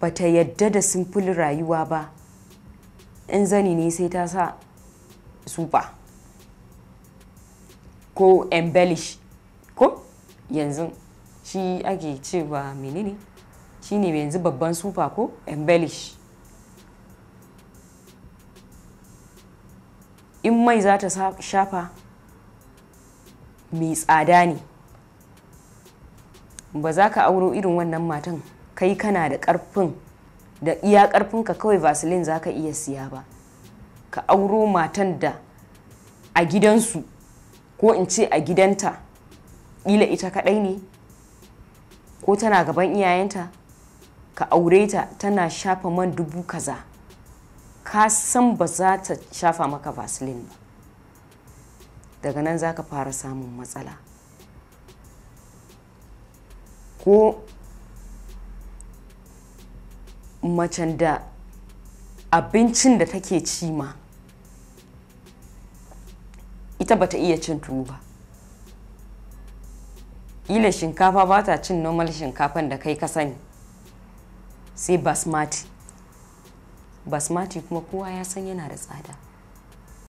bata yadda da simfil rayuwa ba in zani ne sai ta sa sufa ko embellish ko yanzu shi ake cewa menene shi ne yanzu babban sufa ko embellish in mai za ta shafa mai tsada ne ba za ka auro irin wannan matan kai kana da karfin da iya ka kawai vaseline za ka iya siya ba ka auro matan da a gidansu ko in ce a gidanta ila ita kadai ne ko tana gaban iyayenta ka aure ta tana shafa man dubu kaza ka san ba za ta shafa maka vaseline ba daga nan za ka fara samun matsala ko macen da abincin da take ci ma ita bata iya cin tuwo ba ila shinkafa ba ta cin normal shinkafan da kai ka sani sai basmati basmati kuma kowa ya san yana da tsada